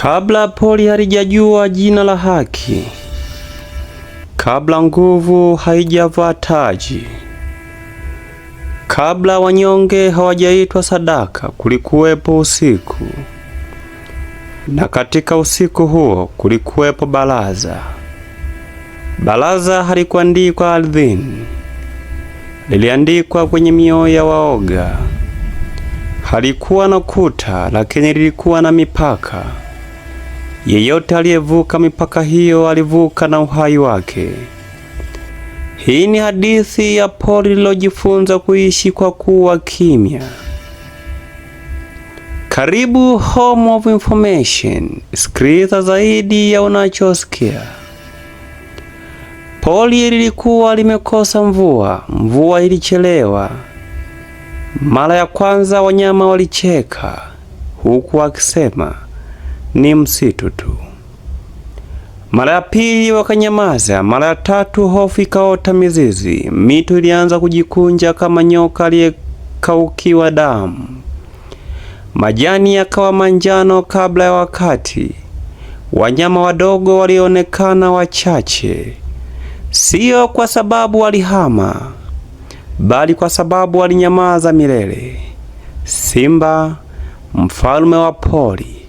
Kabla poli halijajua jina la haki, kabla nguvu haijavaa taji, kabla wanyonge hawajaitwa sadaka, kulikuwepo usiku, na katika usiku huo kulikuwepo baraza. Baraza halikuandikwa ardhini, liliandikwa kwenye mioyo ya waoga. Halikuwa na kuta, lakini lilikuwa na mipaka. Yeyote aliyevuka mipaka hiyo alivuka na uhai wake. Hii ni hadithi ya pori lilojifunza kuishi kwa kuwa kimya. Karibu Home of Information, sikiliza zaidi ya unachosikia. Pori lilikuwa limekosa mvua, mvua ilichelewa. Mara ya kwanza wanyama walicheka huku wakisema ni msitu tu. Mara ya pili wakanyamaza, mara ya tatu hofu ikaota mizizi. Mito ilianza kujikunja kama nyoka aliyekaukiwa damu. Majani yakawa manjano kabla ya wakati. Wanyama wadogo walionekana wachache, sio kwa sababu walihama, bali kwa sababu walinyamaza milele. Simba mfalme wa pori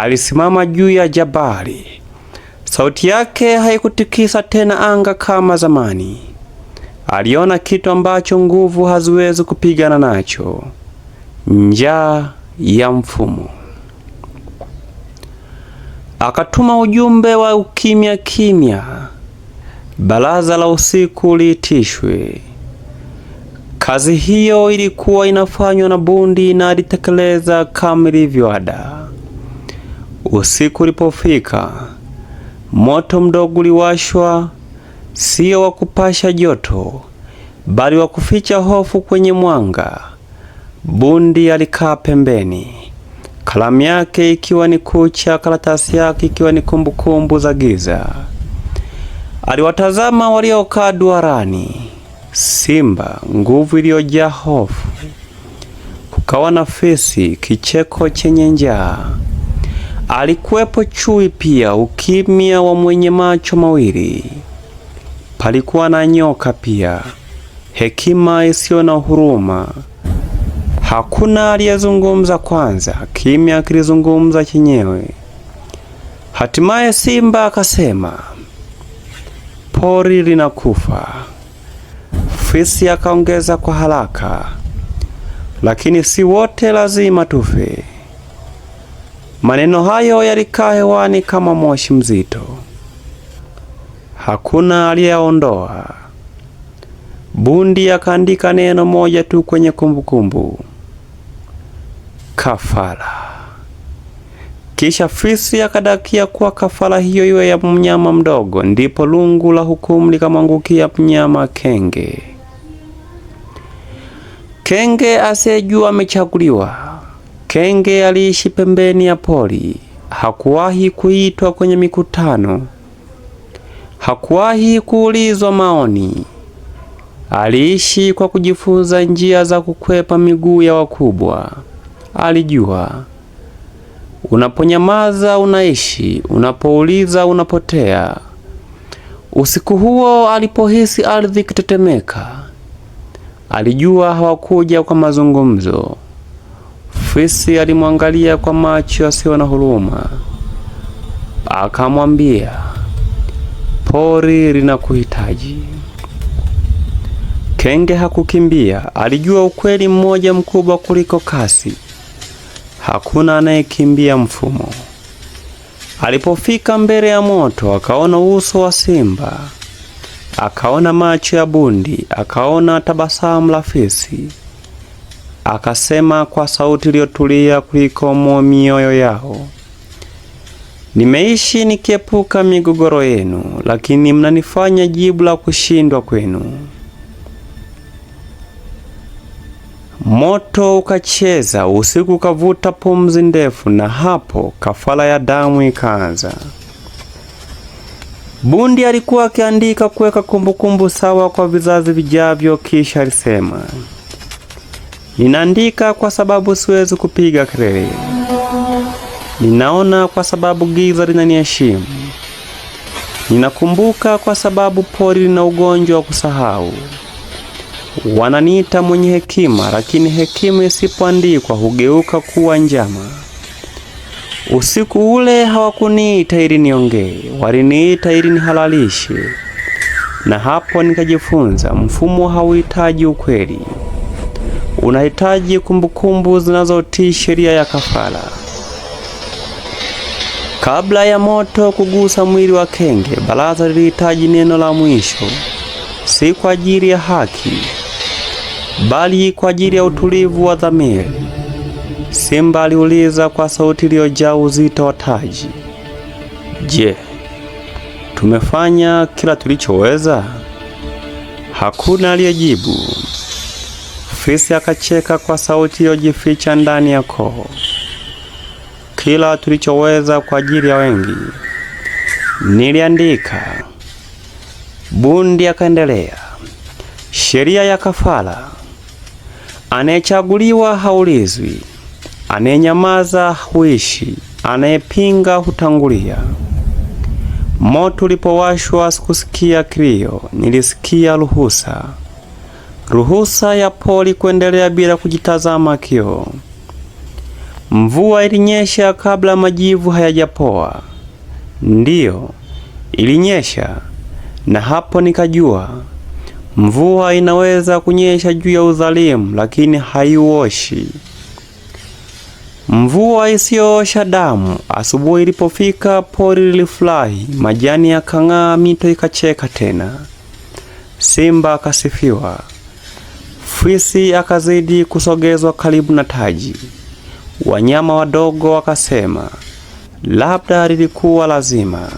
alisimama juu ya jabali. Sauti yake haikutikisa tena anga kama zamani. Aliona kitu ambacho nguvu haziwezi kupigana nacho: njaa ya mfumo. Akatuma ujumbe wa ukimya kimya, baraza la usiku liitishwe. Kazi hiyo ilikuwa inafanywa na bundi na alitekeleza kama ilivyo ada. Usiku ulipofika, moto mdogo uliwashwa, sio wa kupasha joto, bali wa kuficha hofu kwenye mwanga. Bundi alikaa pembeni, kalamu yake ikiwa ni kucha, karatasi yake ikiwa ni kumbukumbu kumbu za giza. Aliwatazama waliokaa duarani, simba, nguvu iliyojaa hofu. Kukawa na fisi, kicheko chenye njaa Alikuwepo chui pia, ukimya wa mwenye macho mawili. Palikuwa na nyoka pia, hekima isiyo na huruma. Hakuna aliyezungumza kwanza, kimya kilizungumza chenyewe. Hatimaye simba akasema, pori linakufa. Fisi akaongeza kwa haraka, lakini si wote lazima tufe. Maneno hayo yalikaa hewani kama moshi mzito, hakuna aliyeondoa. Bundi akaandika neno moja tu kwenye kumbukumbu kumbu. Kafara. Kisha fisi akadakia kuwa kafara hiyo iwe ya mnyama mdogo, ndipo lungu la hukumu likamwangukia mnyama kenge. Kenge asiyejua amechaguliwa Kenge aliishi pembeni ya poli. Hakuwahi kuitwa kwenye mikutano, hakuwahi kuulizwa maoni. Aliishi kwa kujifunza njia za kukwepa miguu ya wakubwa. Alijua unaponyamaza unaishi, unapouliza unapotea. Usiku huo alipohisi ardhi ikitetemeka, alijua hawakuja kwa mazungumzo. Fisi alimwangalia kwa macho yasiyo na huruma, akamwambia, pori linakuhitaji. Kenge hakukimbia, alijua ukweli mmoja mkubwa kuliko kasi: hakuna anayekimbia mfumo. Alipofika mbele ya moto, akaona uso wa simba, akaona macho ya bundi, akaona tabasamu la fisi akasema kwa sauti iliyotulia kuliko mioyo yao, nimeishi nikiepuka migogoro yenu, lakini mnanifanya jibu la kushindwa kwenu. Moto ukacheza, usiku ukavuta pumzi ndefu, na hapo kafara ya damu ikaanza. Bundi alikuwa akiandika kuweka kumbukumbu sawa kwa vizazi vijavyo, kisha alisema Ninaandika kwa sababu siwezi kupiga kelele. Ninaona kwa sababu giza linaniheshimu. Ninakumbuka kwa sababu pori lina ugonjwa wa kusahau. Wananiita mwenye hekima, lakini hekima isipoandikwa hugeuka kuwa njama. Usiku ule hawakuniita ili niongee, waliniita ili nihalalishe, na hapo nikajifunza mfumo hauhitaji ukweli unahitaji kumbukumbu zinazotii sheria ya kafara. Kabla ya moto kugusa mwili wa kenge, baraza lilihitaji neno la mwisho, si kwa ajili ya haki, bali kwa ajili ya utulivu wa dhamiri. Simba aliuliza kwa sauti iliyojaa uzito wa taji, je, tumefanya kila tulichoweza? Hakuna aliyejibu. Chris akacheka kwa sauti iliyojificha ndani ya koo. Kila tulichoweza kwa ajili ya wengi, niliandika. Bundi akaendelea, sheria ya kafara, anayechaguliwa haulizwi, anayenyamaza huishi, anayepinga hutangulia. Moto ulipowashwa sikusikia kilio, nilisikia ruhusa ruhusa ya poli kuendelea bila kujitazama kioo. Mvua ilinyesha kabla majivu hayajapoa. Ndiyo, ilinyesha, na hapo nikajua mvua inaweza kunyesha juu ya udhalimu, lakini haiuoshi. Mvua isiyoosha damu. Asubuhi ilipofika, pori lilifurahi, majani yakang'aa, mito ikacheka tena, simba akasifiwa. Fisi akazidi kusogezwa karibu na taji. Wanyama wadogo wakasema labda lilikuwa lazima.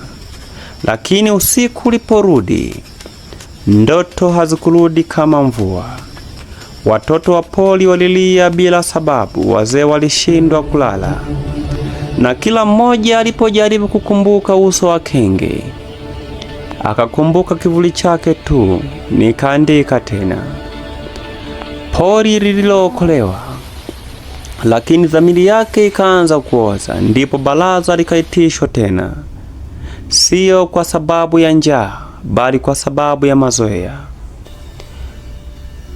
Lakini usiku uliporudi, ndoto hazikurudi kama mvua. Watoto wa pori walilia bila sababu, wazee walishindwa kulala, na kila mmoja alipojaribu kukumbuka uso wa kenge, akakumbuka kivuli chake tu. Nikaandika tena hori lililookolewa, lakini dhamiri yake ikaanza kuoza. Ndipo baraza likaitishwa tena, siyo kwa sababu ya njaa, bali kwa sababu ya mazoea.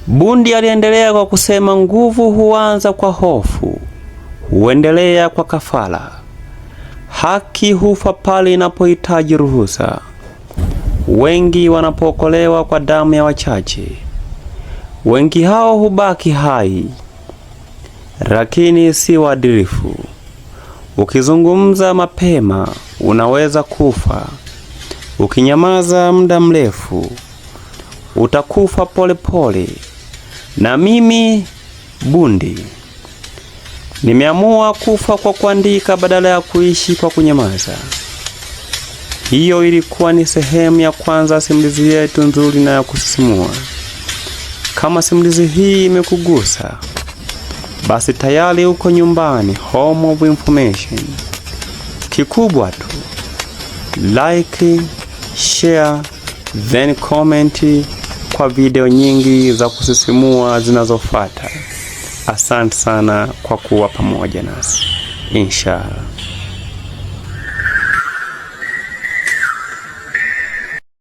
Bundi aliendelea kwa kusema, nguvu huanza kwa hofu, huendelea kwa kafara. Haki hufa pale inapohitaji ruhusa. Wengi wanapookolewa kwa damu ya wachache. Wengi hao hubaki hai, lakini si waadilifu. Ukizungumza mapema, unaweza kufa. Ukinyamaza muda mrefu, utakufa polepole pole. Na mimi bundi nimeamua kufa kwa kuandika badala ya kuishi kwa kunyamaza. Hiyo ilikuwa ni sehemu ya kwanza ya simulizi yetu nzuri na ya kusisimua. Kama simulizi hii imekugusa, basi tayari uko nyumbani, home of information. Kikubwa tu like, share, then comment kwa video nyingi za kusisimua zinazofuata. Asante sana kwa kuwa pamoja nasi, inshallah.